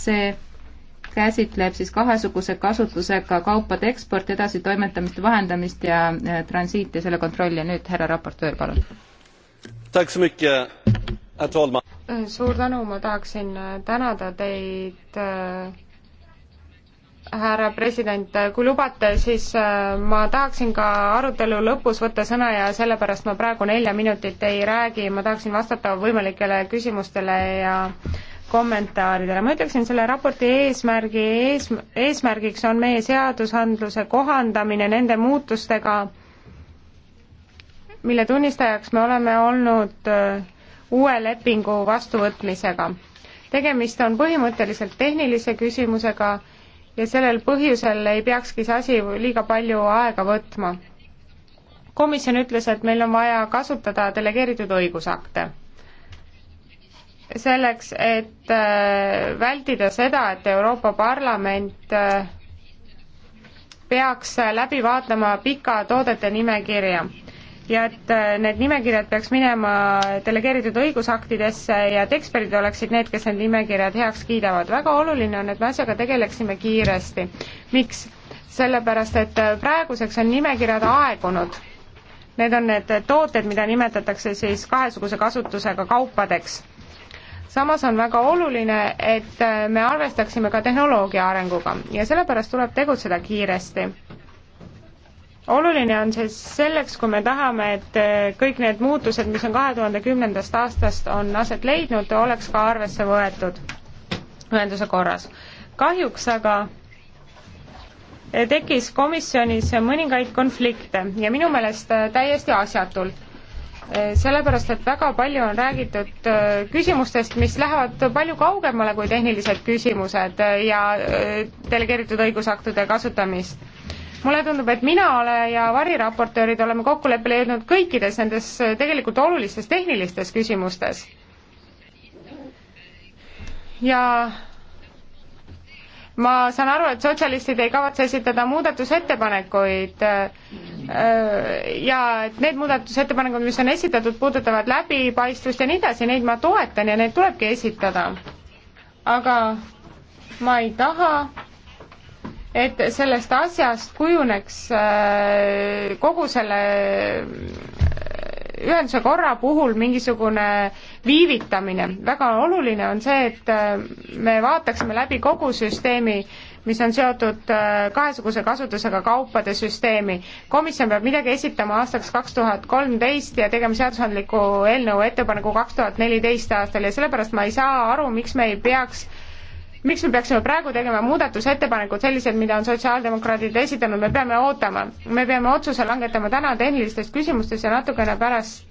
see käsitleb siis kahesuguse kasutusega kaupade eksporti, edasitoimetamist, vahendamist ja äh, transiiti ja selle kontrolli ja nüüd härra raportöör, palun. Äh, suur tänu, ma tahaksin äh, tänada teid härra president, kui lubate, siis ma tahaksin ka arutelu lõpus võtta sõna ja sellepärast ma praegu nelja minutit ei räägi, ma tahaksin vastata võimalikele küsimustele ja äh, kommentaaridele. ma ütleksin, selle raporti eesmärgi, ees, eesmärgiks on meie seadusandluse kohandamine nende muutustega, mille tunnistajaks me oleme olnud äh, uue lepingu vastuvõtmisega. tegemist on põhimõtteliselt tehnilise küsimusega ja sellel põhjusel ei peakski see asi liiga palju aega võtma. komisjon ütles, et meil on vaja kasutada delegeeritud õigusakte selleks, et äh, vältida seda, et Euroopa Parlament äh, peaks läbi vaatama pika toodete nimekirja ja et äh, need nimekirjad peaks minema delegeeritud õigusaktidesse ja et eksperdid oleksid need, kes need nimekirjad heaks kiidavad. väga oluline on, et me asjaga tegeleksime kiiresti. miks? sellepärast, et praeguseks on nimekirjad aegunud. Need on need tooted, mida nimetatakse siis kahesuguse kasutusega kaupadeks samas on väga oluline, et äh, me arvestaksime ka tehnoloogia arenguga ja sellepärast tuleb tegutseda kiiresti. oluline on see selleks, kui me tahame, et äh, kõik need muutused, mis on kahe tuhande kümnendast aastast, on aset leidnud, oleks ka arvesse võetud ühenduse korras. kahjuks aga tekkis komisjonis mõningaid konflikte ja minu meelest äh, täiesti asjatult Äh, sellepärast et väga palju on räägitud äh, küsimustest, mis lähevad palju kaugemale kui tehnilised küsimused äh, ja delegeeritud õigusaktide kasutamist. mulle tundub, et mina ole ja variraportöörid oleme kokkuleppele jõudnud kõikides nendes tegelikult olulistes tehnilistes küsimustes. ja ma saan aru, et sotsialistid ei kavatse esitada muudatusettepanekuid äh, ja et need muudatusettepanekud, mis on esitatud, puudutavad läbipaistvust ja nii edasi, neid ma toetan ja neid tulebki esitada. aga ma ei taha, et sellest asjast kujuneks äh, kogu selle ühenduse korra puhul mingisugune viivitamine. väga oluline on see, et äh, me vaataksime läbi kogu süsteemi, mis on seotud äh, kahesuguse kasutusega kaupade süsteemi. komisjon peab midagi esitama aastaks kaks tuhat kolmteist ja tegema seadusandliku eelnõu ettepaneku kaks tuhat neliteist aastal ja sellepärast ma ei saa aru, miks me ei peaks miks me peaksime praegu tegema muudatusettepanekud sellised, mida on sotsiaaldemokraadid esitanud, me peame ootama. me peame otsuse langetama täna tehnilistes küsimustes ja natukene pärast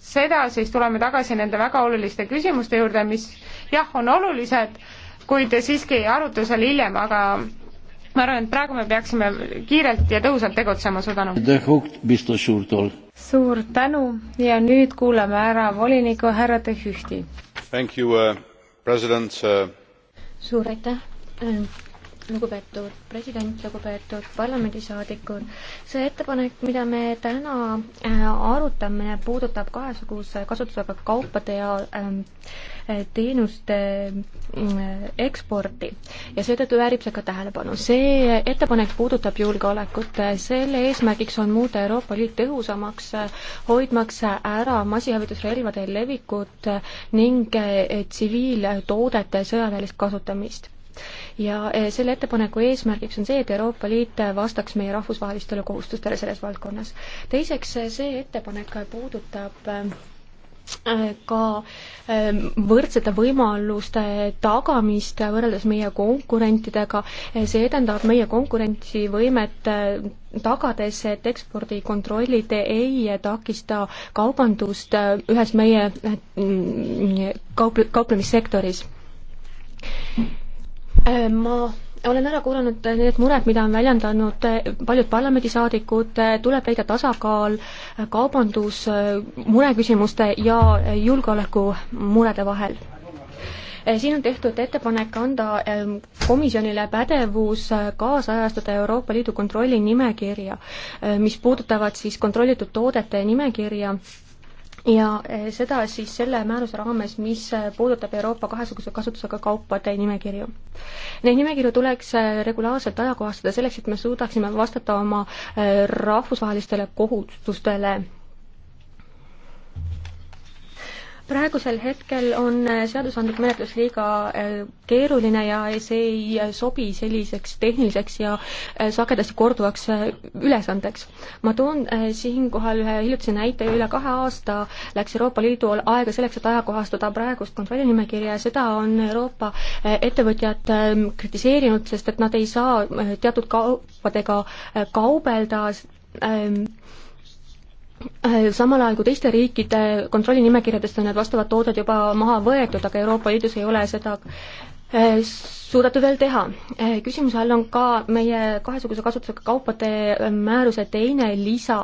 seda siis tuleme tagasi nende väga oluliste küsimuste juurde, mis jah, on olulised, kuid siiski arutlusel hiljem, aga ma arvan, et praegu me peaksime kiirelt ja tõhusalt tegutsema, suur tänu. suur tänu ja nüüd kuulame ära voliniku härra De Hühti. Thank you uh,, president uh suur aitäh, ähm, lugupeetud president, lugupeetud parlamendisaadikud. see ettepanek, mida me täna äh, arutame, puudutab kahesuguse kasutusega kaupade ja ähm, teenuste mm, eksporti ja seetõttu väärib see ka tähelepanu. see ettepanek puudutab julgeolekut, selle eesmärgiks on muuta Euroopa Liit tõhusamaks, hoidmaks ära massihävitusrelvade levikut ning eh, tsiviiltoodete sõjaväelist kasutamist ja eh, selle ettepaneku eesmärgiks on see, et Euroopa Liit vastaks meie rahvusvahelistele kohustustele selles valdkonnas. teiseks, see ettepanek puudutab eh, ka ähm, võrdsete võimaluste tagamist võrreldes meie konkurentidega, äh, see edendab meie konkurentsivõimet, äh, tagades, et ekspordikontrollid ei takista kaubandust äh, ühes meie kaup-, kauplemissektoris. ma olen ära kuulanud need mured, mida on väljendanud paljud parlamendisaadikud, tuleb leida tasakaal kaubandus äh, mureküsimuste ja julgeoleku murede vahel. Äh, siin on tehtud ettepanek anda ähm, komisjonile pädevus äh, kaasajastada Euroopa Liidu kontrolli nimekirja, mis puudutavad siis kontrollitud toodete nimekirja ja eh, seda siis selle määruse raames, mis eh, puudutab Euroopa kahesuguse kasutusega kaupade nimekirju. Neid nimekirju tuleks eh, regulaarselt ajakohastada selleks, et me suudaksime vastata oma rahvusvahelistele kohustustele praegusel hetkel on äh, seadusandlik menetlus liiga äh, keeruline ja see ei äh, sobi selliseks tehniliseks ja sagedasti korduvaks ülesandeks. ma toon siinkohal ühe hiljutise näite, üle kahe aasta läks Euroopa Liidul aega selleks, et ajakohastada praegust kontrollinimekirja ja seda on Euroopa ettevõtjad ähm, kritiseerinud, sest et nad ei saa teatud kaupadega kaubelda ähm, Äh, samal ajal kui teiste riikide kontrollinimekirjadest on need vastavad tooted juba maha võetud, aga Euroopa Liidus ei ole seda äh, suudetud veel teha. Äh, küsimuse all on ka meie kahesuguse kasutusega kaupade määruse teine lisa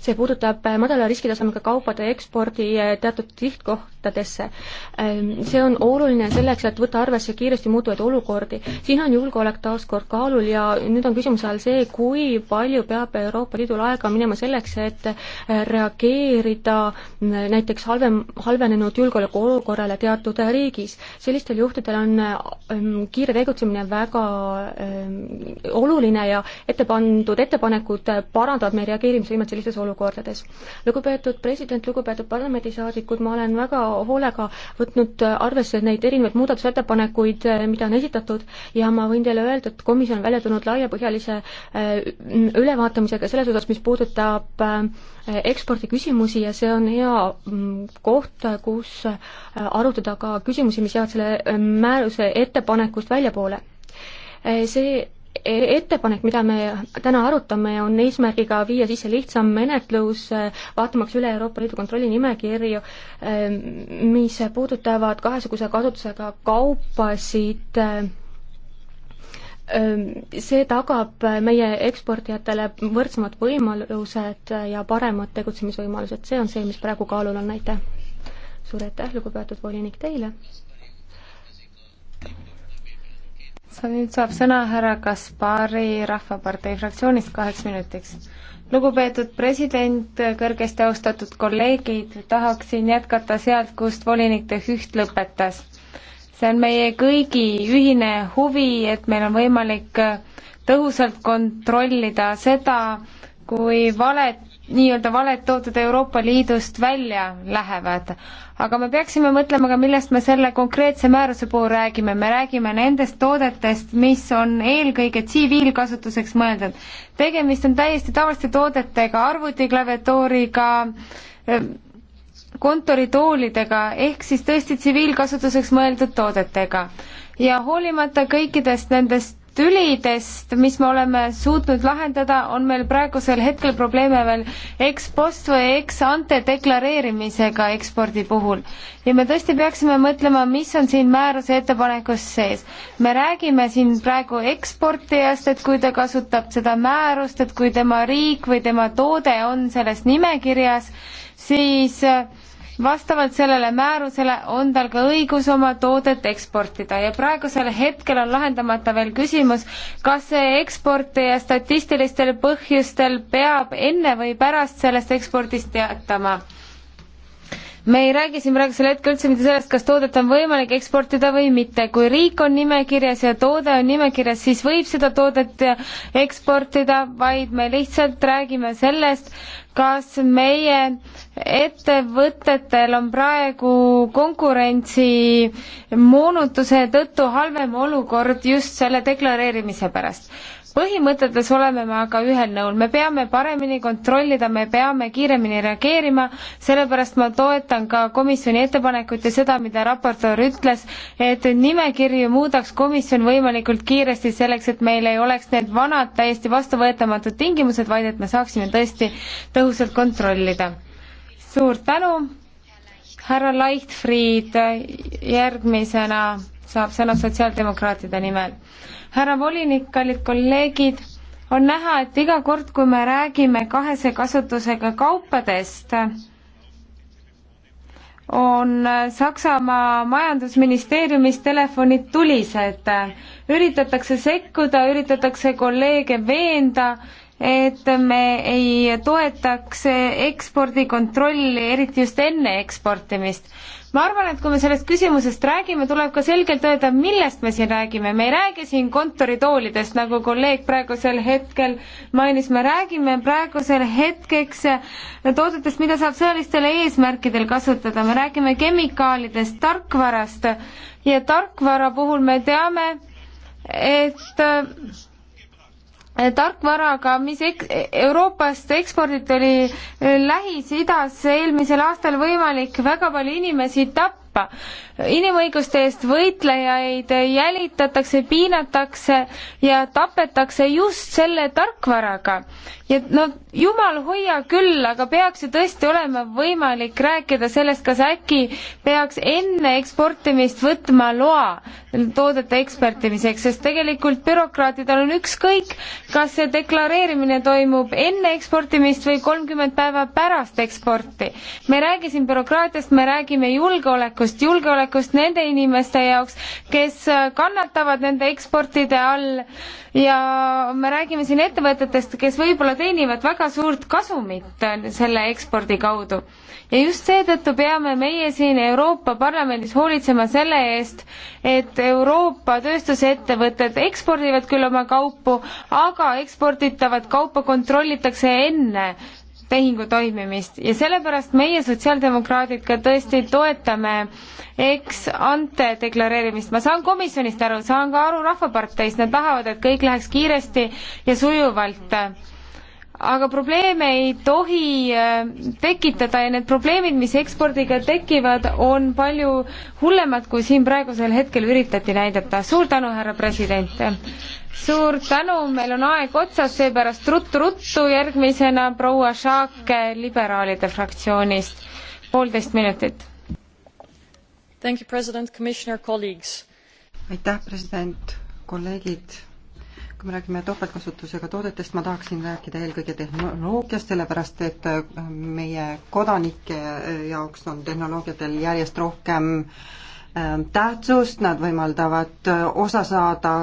see puudutab eh, madala riskitasemega kaupade ekspordi eh, teatud sihtkohtadesse. Eh, see on oluline selleks, et võtta arvesse kiiresti muutuvaid olukordi. siin on julgeolek taas kord kaalul ja nüüd on küsimuse all see, kui palju peab Euroopa Liidul aega minema selleks, et reageerida mm, näiteks halvem, halvenenud julgeolekuolukorrale teatud riigis. sellistel juhtudel on mm, kiire tegutsemine väga mm, oluline ja ette pandud ettepanekud parandavad meie reageerimisvõimet sellistes olukordades. lugupeetud president, lugupeetud parlamendisaadikud, ma olen väga hoolega võtnud arvesse neid erinevaid muudatusettepanekuid, eh, mida on esitatud, ja ma võin teile öelda, et komisjon on välja tulnud laiapõhjalise eh, ülevaatamisega selles osas, mis puudutab eh, ekspordiküsimusi ja see on hea mm, koht, kus arutada ka küsimusi, mis jäävad selle määruse ettepanekust väljapoole see E-, ettepanek, mida me täna arutame, on eesmärgiga viia sisse lihtsam menetlus, äh, vaatamaks üle Euroopa Liidu kontrollinimekirju, ähm, mis puudutavad kahesuguse kasutusega kaupasid äh, ähm, see tagab meie eksportijatele võrdsemad võimalused ja paremad tegutsemisvõimalused, see on see, mis praegu kaalul on, aitäh! suur aitäh, lugupeetud volinik, teile! sa nüüd saab sõna härra Kaspari Rahvapartei fraktsioonist kaheks minutiks. lugupeetud president, kõrgesti austatud kolleegid, tahaksin jätkata sealt, kust volinik De Hüht lõpetas. see on meie kõigi ühine huvi, et meil on võimalik tõhusalt kontrollida seda, kui valet nii-öelda valed tooted Euroopa Liidust välja lähevad. aga me peaksime mõtlema ka, millest me selle konkreetse määruse puhul räägime, me räägime nendest toodetest, mis on eelkõige tsiviilkasutuseks mõeldud. tegemist on täiesti tavaliste toodetega, arvutiklaviatuuriga, eh, kontoritoolidega, ehk siis tõesti tsiviilkasutuseks mõeldud toodetega. ja hoolimata kõikidest nendest tülidest, mis me oleme suutnud lahendada, on meil praegusel hetkel probleeme veel ex-post või ex-ante deklareerimisega ekspordi puhul. ja me tõesti peaksime mõtlema, mis on siin määruse ettepanekus sees. me räägime siin praegu eksportijast, et kui ta kasutab seda määrust, et kui tema riik või tema toode on selles nimekirjas, siis äh, vastavalt sellele määrusele on tal ka õigus oma toodet eksportida ja praegusel hetkel on lahendamata veel küsimus, kas see eksportija statistilistel põhjustel peab enne või pärast sellest ekspordist teatama me ei räägi siin praegusel hetkel üldse mitte sellest, kas toodet on võimalik eksportida või mitte. kui riik on nimekirjas ja toode on nimekirjas, siis võib seda toodet eksportida, vaid me lihtsalt räägime sellest, kas meie ettevõtetel on praegu konkurentsi moonutuse tõttu halvem olukord just selle deklareerimise pärast põhimõtetes oleme me aga ühel nõul, me peame paremini kontrollida, me peame kiiremini reageerima, sellepärast ma toetan ka komisjoni ettepanekut ja seda, mida raportöör ütles, et nimekirju muudaks komisjon võimalikult kiiresti selleks, et meil ei oleks need vanad täiesti vastuvõetamatud tingimused, vaid et me saaksime tõesti tõhusalt kontrollida. suur tänu, härra Leichtfried, järgmisena saab sõna sotsiaaldemokraatide nimel. härra volinik, kallid kolleegid, on näha, et iga kord, kui me räägime kahese kasutusega kaupadest, on Saksamaa majandusministeeriumis telefonid tulised. üritatakse sekkuda, üritatakse kolleege veenda, et me ei toetaks ekspordikontrolli, eriti just enne eksportimist ma arvan, et kui me sellest küsimusest räägime, tuleb ka selgelt öelda, millest me siin räägime, me ei räägi siin kontoritoolidest, nagu kolleeg praegusel hetkel mainis, me räägime praegusel hetkeks toodetest, mida saab sõjalistel eesmärkidel kasutada, me räägime kemikaalidest, tarkvarast ja tarkvara puhul me teame, et tarkvaraga, mis ek-, Euroopast eksporditud oli Lähis-Idas eelmisel aastal võimalik väga palju inimesi tappa. inimõiguste eest võitlejaid jälitatakse, piinatakse ja tapetakse just selle tarkvaraga. ja no jumal hoia küll, aga peaks ju tõesti olema võimalik rääkida sellest, kas äkki peaks enne eksportimist võtma loa toodete eksportimiseks, sest tegelikult bürokraatidel on ükskõik, kas see deklareerimine toimub enne eksportimist või kolmkümmend päeva pärast eksporti. me ei räägi siin bürokraatiast, me räägime julgeolekust, julgeolekust nende inimeste jaoks, kes kannatavad nende eksportide all ja me räägime siin ettevõtetest, kes võib-olla teenivad väga suurt kasumit selle ekspordi kaudu. ja just seetõttu peame meie siin Euroopa Parlamendis hoolitsema selle eest, et Euroopa tööstusettevõtted ekspordivad küll oma kaupu, aga eksporditavat kaupa kontrollitakse enne tehingu toimimist ja sellepärast meie, sotsiaaldemokraadid, ka tõesti toetame ex-ante deklareerimist. ma saan komisjonist aru, saan ka aru Rahvaparteist, nad tahavad, et kõik läheks kiiresti ja sujuvalt aga probleeme ei tohi äh, tekitada ja need probleemid, mis ekspordiga tekivad, on palju hullemad, kui siin praegusel hetkel üritati näidata. suur tänu, härra president! suur tänu, meil on aeg otsas, seepärast ruttu-ruttu järgmisena proua Šaake liberaalide fraktsioonist, poolteist minutit. aitäh, president, kolleegid! kui me räägime topeltkasutusega toodetest, ma tahaksin rääkida eelkõige tehnoloogiast, sellepärast et äh, meie kodanike äh, jaoks on tehnoloogiatel järjest rohkem äh, tähtsust, nad võimaldavad osa saada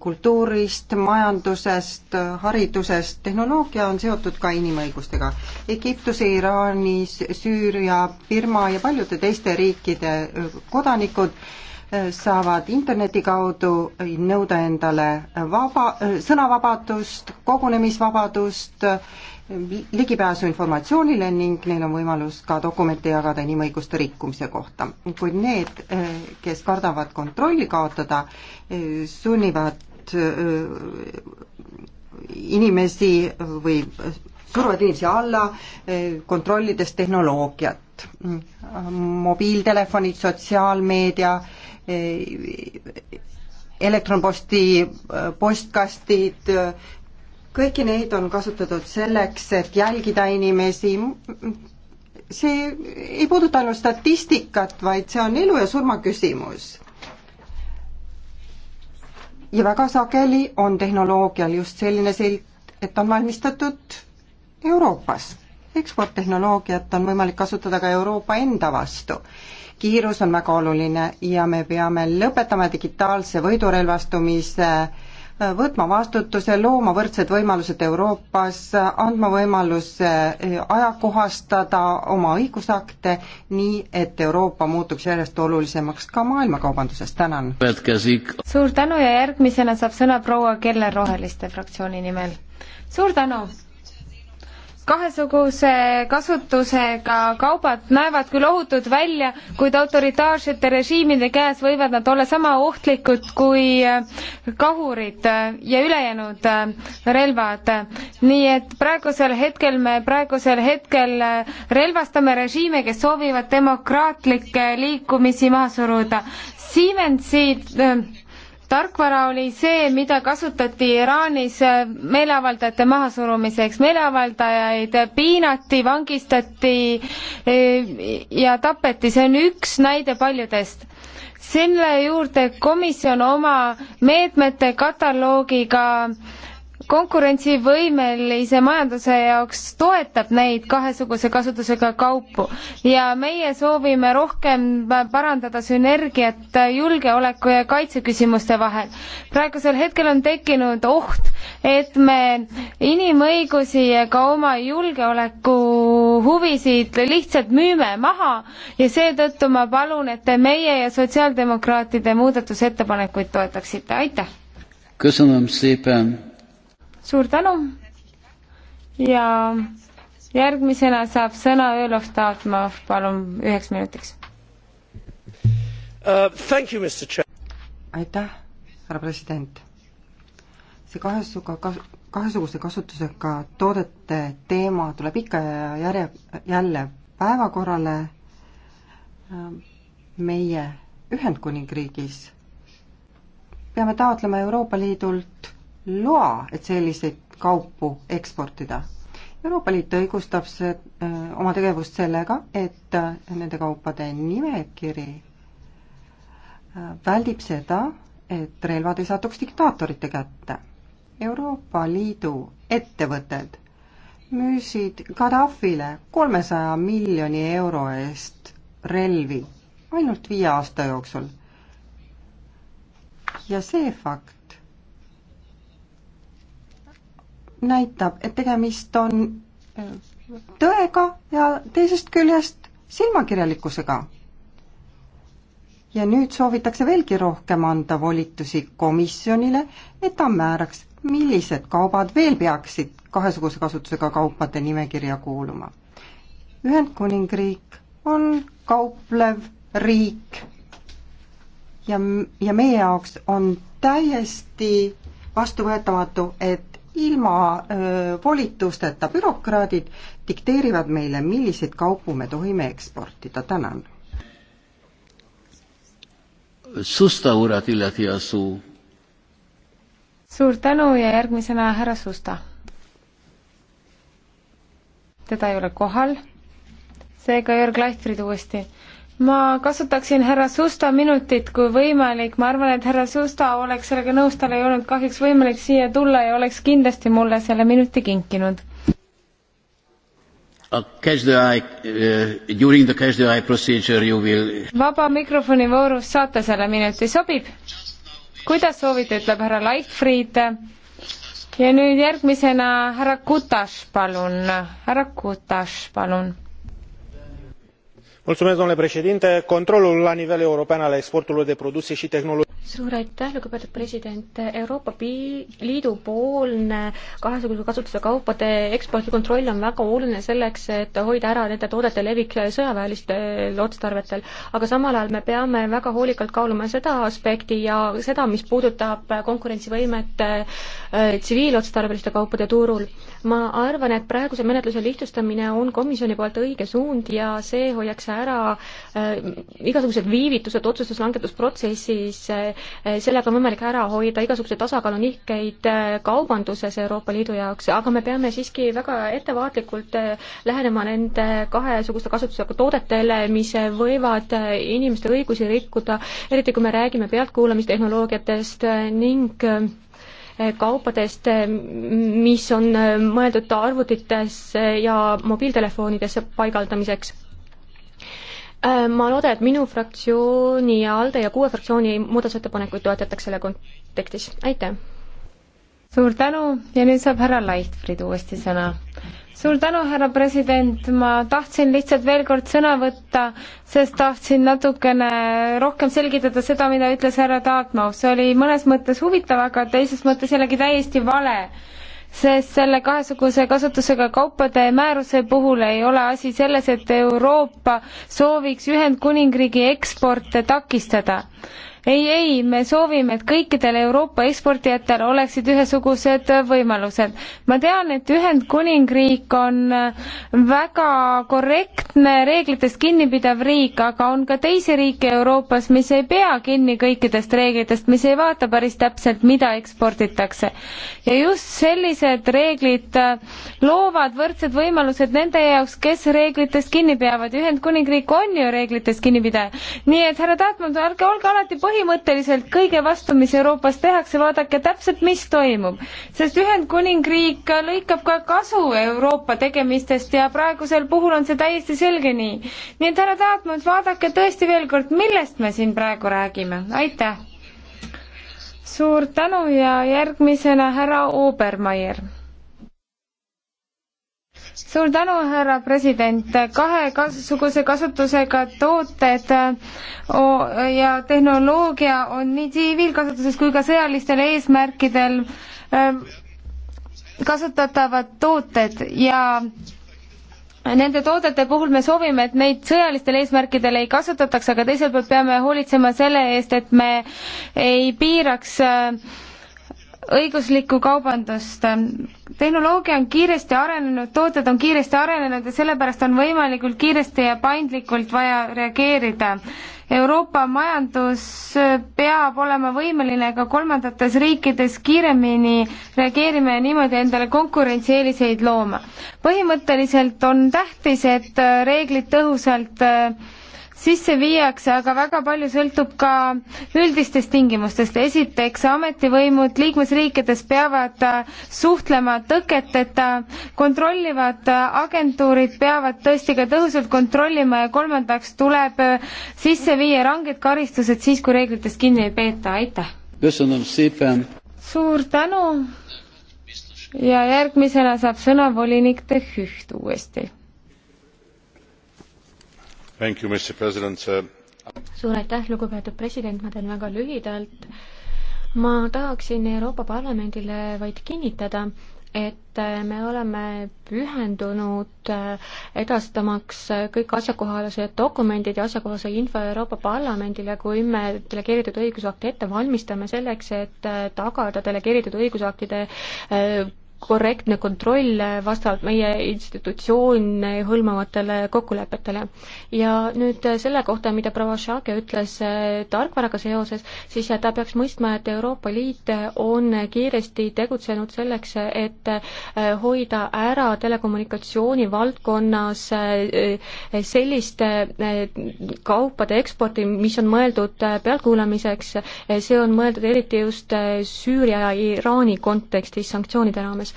kultuurist, majandusest, haridusest, tehnoloogia on seotud ka inimõigustega. Egiptuse, Iraanis, Süüria, Birma ja paljude teiste riikide kodanikud saavad interneti kaudu nõuda endale vaba, sõnavabadust, kogunemisvabadust, ligipääsu informatsioonile ning neil on võimalus ka dokumente jagada inimõiguste rikkumise kohta. kuid need, kes kardavad kontrolli kaotada, sunnivad äh, inimesi või suruvad inimesi alla, äh, kontrollides tehnoloogiat internet, mm, mobiiltelefonid, sotsiaalmeedia, e, elektronposti, e, postkastid, e, kõiki neid on kasutatud selleks, et jälgida inimesi, see ei puuduta ainult statistikat, vaid see on elu ja surma küsimus. ja väga sageli on tehnoloogial just selline silt, et on valmistatud Euroopas eksporttehnoloogiat on võimalik kasutada ka Euroopa enda vastu. kiirus on väga oluline ja me peame lõpetama digitaalse võidurelvastumise, võtma vastutuse, looma võrdsed võimalused Euroopas, andma võimaluse eh, ajakohastada oma õigusakte, nii et Euroopa muutuks järjest olulisemaks ka maailmakaubanduses, tänan! suur tänu ja järgmisena saab sõna proua Keller Roheliste fraktsiooni nimel. suur tänu! kahesuguse kasutusega kaubad näevad küll ohutud välja, kuid autoritaarsete režiimide käes võivad nad olla sama ohtlikud kui äh, kahurid äh, ja ülejäänud äh, relvad. nii et praegusel hetkel me praegusel hetkel relvastame režiime, kes soovivad demokraatlikke liikumisi maha suruda. Siemensi tarkvara oli see, mida kasutati Iraanis äh, meeleavaldajate mahasurumiseks. meeleavaldajaid piinati, vangistati äh, ja tapeti, see on üks näide paljudest. selle juurde komisjon oma meetmete kataloogiga äh, konkurentsivõimelise majanduse jaoks toetab neid kahesuguse kasutusega kaupu ja meie soovime rohkem parandada sünergiat julgeoleku ja kaitseküsimuste vahel. praegusel hetkel on tekkinud oht, et me inimõigusi ja ka oma julgeoleku huvisid lihtsalt müüme maha ja seetõttu ma palun, et te meie ja sotsiaaldemokraatide muudatusettepanekuid toetaksite, aitäh! köszönöm szépen! suur tänu ja järgmisena saab sõna Ölov Taatmov, palun üheks minutiks uh,. aitäh, härra president. see kahesuga kas-, kahesuguse kasutusega toodete teema tuleb ikka ja järje, jälle päevakorrale meie Ühendkuningriigis. peame taotlema Euroopa Liidult loa, et selliseid kaupu eksportida. Euroopa Liit õigustab see, äh, oma tegevust sellega, et äh, nende kaupade nimekiri äh, väldib seda, et relvad ei satuks diktaatorite kätte. Euroopa Liidu ettevõtted müüsid Gaddafile kolmesaja miljoni euro eest relvi ainult viie aasta jooksul. ja see fakt, näitab, et tegemist on tõega ja teisest küljest silmakirjalikkusega. ja nüüd soovitakse veelgi rohkem anda volitusi komisjonile, et ta määraks, millised kaubad veel peaksid kahesuguse kasutusega kaupade nimekirja kuuluma. Ühendkuningriik on kauplev riik ja, ja meie jaoks on täiesti vastuvõetamatu, et ilma öö, volitusteta bürokraadid dikteerivad meile, milliseid kaupu me tohime eksportida, tänan. suur tänu ja järgmisena härra Susta. teda ei ole kohal, seega Jörg Leifrid uuesti ma kasutaksin härra Susta minutit, kui võimalik, ma arvan, et härra Susta oleks sellega nõus, tal ei olnud kahjuks võimalik siia tulla ja oleks kindlasti mulle selle minuti kinkinud. Eh, will... vaba mikrofoni voorus saate selle minuti, sobib? kuidas soovite, ütleb härra Leichtfried. ja nüüd järgmisena härra Kutas, palun, härra Kutas, palun domnule președinte controlul la nivel european al exporturilor de produse și tehnologii suur aitäh, lugupeetud president. Euroopa Liidu poolne kahesuguse kasutuse kaupade ekspordikontroll on väga oluline selleks, et hoida ära nende toodete levik sõjaväelistel otstarvetel. aga samal ajal me peame väga hoolikalt kaaluma seda aspekti ja seda, mis puudutab konkurentsivõimet äh, tsiviilotstarbeliste kaupade turul. ma arvan, et praeguse menetluse lihtsustamine on komisjoni poolt õige suund ja see hoiaks ära äh, igasugused viivitused otsustuslangetusprotsessis äh, Eh, sellega on võimalik ära hoida igasuguseid tasakaalunihkeid eh, kaubanduses Euroopa Liidu jaoks, aga me peame siiski väga ettevaatlikult eh, lähenema nende kahesuguste kasutusega toodetele, mis võivad inimeste õigusi rikkuda, eriti kui me räägime pealtkuulamistehnoloogiatest ning kaupadest, mis on mõeldud arvutitesse ja mobiiltelefonidesse paigaldamiseks Äh, ma loodan, et minu fraktsiooni ja ALDE ja kuue fraktsiooni muudatusettepanekuid toetatakse selle kontekstis, aitäh! suur tänu ja nüüd saab härra Leichtfried uuesti sõna. suur tänu, härra president, ma tahtsin lihtsalt veel kord sõna võtta, sest tahtsin natukene rohkem selgitada seda, mida ütles härra Taatmaus, see oli mõnes mõttes huvitav, aga teises mõttes jällegi täiesti vale sest selle kahesuguse kasutusega kaupade määruse puhul ei ole asi selles, et Euroopa sooviks Ühendkuningriigi eksporte takistada ei, ei, me soovime, et kõikidel Euroopa eksportijatel oleksid ühesugused võimalused. ma tean, et Ühendkuningriik on väga korrektne, reeglitest kinnipidav riik, aga on ka teisi riike Euroopas, mis ei pea kinni kõikidest reeglitest, mis ei vaata päris täpselt, mida eksporditakse. ja just sellised reeglid loovad võrdsed võimalused nende jaoks, kes reeglitest kinni peavad. Ühendkuningriik on ju reeglitest kinnipidaja. nii et härra Taatmann, ärge olge alati põhjendatud, põhimõtteliselt kõige vastu, mis Euroopas tehakse, vaadake täpselt, mis toimub. sest Ühendkuningriik lõikab ka kasu Euroopa tegemistest ja praegusel puhul on see täiesti selge nii. nii et härra Taatmann, vaadake tõesti veel kord, millest me siin praegu räägime, aitäh! suur tänu ja järgmisena härra Obermeier suur tänu, härra president, kahesuguse kasutusega tooted ja tehnoloogia on nii tsiviilkasutuses kui ka sõjalistel eesmärkidel ähm, kasutatavad tooted ja nende toodete puhul me soovime, et neid sõjalistel eesmärkidel ei kasutataks, aga teiselt poolt peame hoolitsema selle eest, et me ei piiraks äh, õiguslikku kaubandust. tehnoloogia on kiiresti arenenud, tooted on kiiresti arenenud ja sellepärast on võimalikult kiiresti ja paindlikult vaja reageerida. Euroopa majandus peab olema võimeline ka kolmandates riikides kiiremini reageerima ja niimoodi endale konkurentsieeliseid looma. põhimõtteliselt on tähtis, et reeglid tõhusalt sisse viiakse, aga väga palju sõltub ka üldistest tingimustest. esiteks, ametivõimud liikmesriikides peavad suhtlema tõketeta, kontrollivad agentuurid peavad tõesti ka tõhusalt kontrollima ja kolmandaks tuleb sisse viia ranged karistused siis, kui reeglitest kinni ei peeta, aitäh! suur tänu ja järgmisena saab sõna volinik De Hüht uuesti suur aitäh, lugupeetud president, ma teen väga lühidalt. ma tahaksin Euroopa Parlamendile vaid kinnitada, et me oleme pühendunud edastamaks kõik asjakohased dokumendid ja asjakohase info Euroopa Parlamendile, kui me delegeeritud õigusakte ette valmistame selleks, et tagada delegeeritud õigusaktide korrektne kontroll vastavalt meie institutsioone hõlmavatele kokkulepetele. ja nüüd selle kohta, mida proua Šake ütles äh, tarkvaraga seoses, siis äh, ta peaks mõistma, et Euroopa Liit on kiiresti tegutsenud selleks, et äh, hoida ära telekommunikatsiooni valdkonnas selliste kaupade eksporti, mis on mõeldud pealtkuulamiseks, see on mõeldud eriti just Süüria ja Iraani kontekstis sanktsioonide raames raames.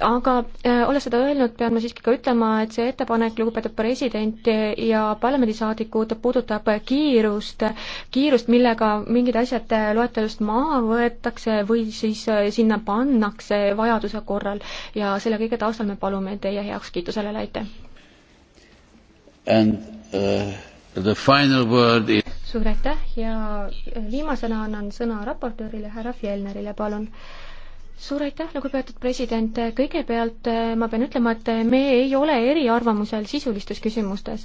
aga äh, olles seda öelnud, pean ma siiski ka ütlema, et see ettepanek, lugupeetud president äh, ja parlamendisaadikud, puudutab kiirust, kiirust, millega mingid asjad äh, loetelust maha võetakse või siis sinna pannakse vajaduse korral ja selle kõige taustal me palume teie heakskiitu sellele, aitäh! And uh, the final word is suur aitäh ja viimasena annan sõna raportöörile härra Fjellnerile, palun suur aitäh, lugupeetud president, kõigepealt äh, ma pean ütlema, et me ei ole eriarvamusel sisulistes küsimustes.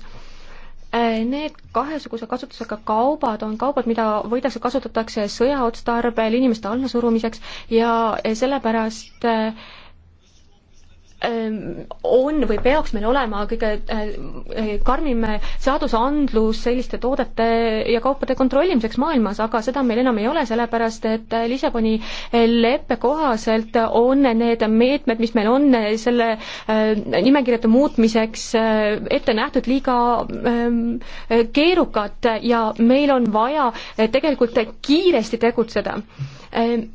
Äh, need kahesuguse kasutusega kaubad on kaubad, mida võidakse, kasutatakse sõjaotstarbel, inimeste allasurumiseks ja äh, sellepärast äh, Ehm, on või peaks meil olema kõige eh, eh, karmim seadusandlus selliste toodete ja kaupade kontrollimiseks maailmas, aga seda meil enam ei ole, sellepärast et Lissaboni eh, leppe kohaselt on need meetmed, mis meil on selle nimekirjade muutmiseks ette nähtud, liiga ehm, keerukad ja meil on vaja tegelikult kiiresti tegutseda ehm,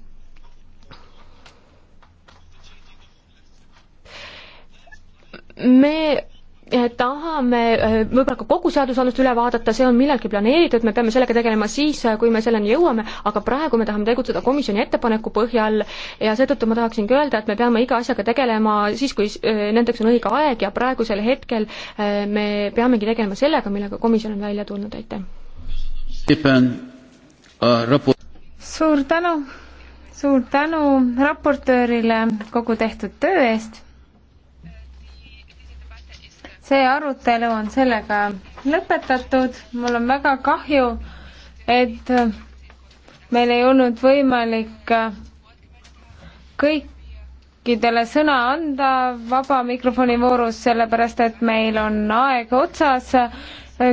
me eh, tahame eh, võib-olla ka kogu seadusandlust üle vaadata, see on millalgi planeeritud, me peame sellega tegelema siis, eh, kui me selleni jõuame, aga praegu me tahame tegutseda komisjoni ettepaneku põhjal ja seetõttu ma tahaksingi öelda, et me peame iga asjaga tegelema siis, kui nendeks on õige aeg ja praegusel hetkel me peamegi tegelema sellega, millega komisjon on välja tulnud, aitäh. suur tänu, suur tänu raportöörile kogu tehtud töö eest see arutelu on sellega lõpetatud, mul on väga kahju, et meil ei olnud võimalik kõikidele sõna anda vaba mikrofoni voorus, sellepärast et meil on aeg otsas.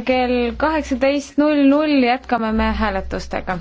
kell kaheksateist null null jätkame me hääletustega